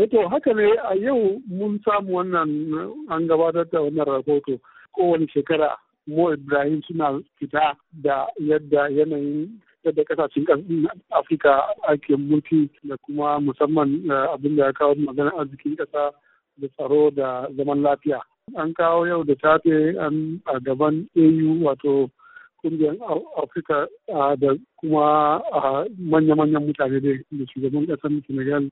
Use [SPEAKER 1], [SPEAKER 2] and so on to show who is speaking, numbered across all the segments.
[SPEAKER 1] Eh, to haka ne a yau mun samu wannan an gabatar da wannan rahoto kowane shekara mo ibrahim suna fita da yadda yanayin yadda kasashen afirka ake mulki da kuma musamman eh, abin da ya kawo maganar arzikin kasa da tsaro da zaman lafiya an kawo yau da safe an a gaban au wato kungiyar afirka eh, da kuma manya-manyan mutane da shugaban kasar senegal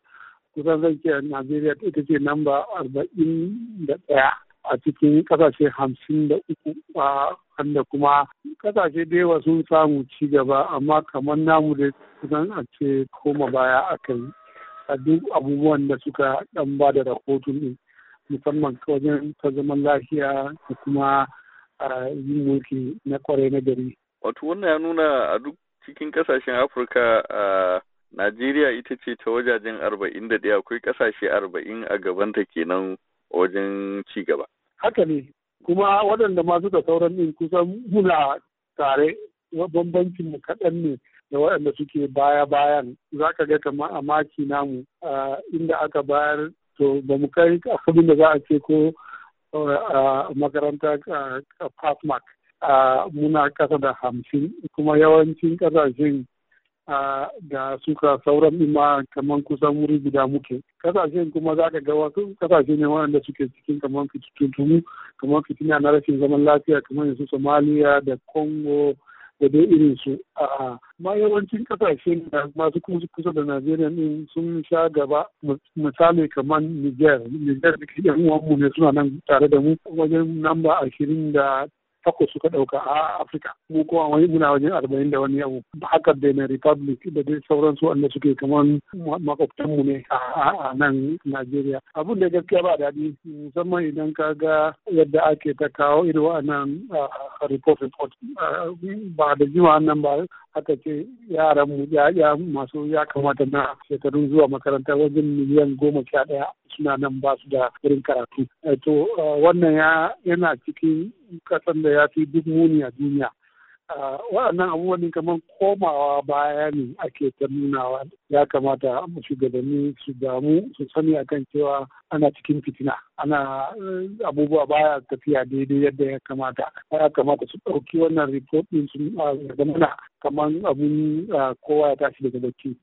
[SPEAKER 1] kusan zan ce Najeriya ita ce namba arba'in da ɗaya a cikin ƙasashe hamsin da uku a wanda kuma ƙasashe da yawa sun samu ci gaba amma kamar namu da kusan a ce koma baya kan a duk abubuwan da suka ɗan ba da rahoton ɗin musamman wajen ta zaman lafiya da kuma yin mulki na kwarai na gari. Wato wannan ya nuna a duk cikin kasashen Afirka Najeriya ita ce ta wajajen arba'in da ɗaya akwai ƙasashe arba'in a gabanta kenan wajen ci gaba. Haka ne, kuma waɗanda masu da sauran ɗin kusan muna tare bambancin mu kaɗan ne da waɗanda suke baya bayan za ka ga kamar a maki namu inda aka bayar to ba mu kai abin da za a ce ko a makaranta a pass muna ƙasa da hamsin kuma yawancin ƙasashen da suka sauran ima kamar kusan wuri guda muke kasashe kuma za ka ga wasu kasashe ne waɗanda suke cikin kamar fitintunu kamar fitina na rashin zaman lafiya kamar yanzu somaliya da congo da dai irin su a ma yawancin kasashe masu kusa da najeriya din sun sha gaba misali kamar niger niger da ke yan uwanmu ne suna nan tare da mu wajen namba ashirin da takwas suka ɗauka a Afrika. Mu kuma wani muna wajen arba'in da wani abu. Haka Benin Republic da dai sauransu wanda suke kamar mu ne a nan Najeriya. Abin da gaskiya ba daɗi musamman idan ka ga yadda ake ta kawo irin wa'annan report report ba da jima nan ba aka ce yaran mu ya masu ya kamata na shekarun zuwa makaranta wajen miliyan goma sha ɗaya suna nan ba su da irin karatu eh, to eh, wannan yana cikin kasan da ya fi duk muni a duniya eh, waɗannan abubuwan kamar komawa baya ne ake ta nunawa ya kamata shugabanni su damu su sani kan cewa ana cikin fitina ana abubuwa baya tafiya daidai yadda ya kamata ya kamata su ɗauki wannan report ɗin su kamar abun kowa ya tashi daga bacci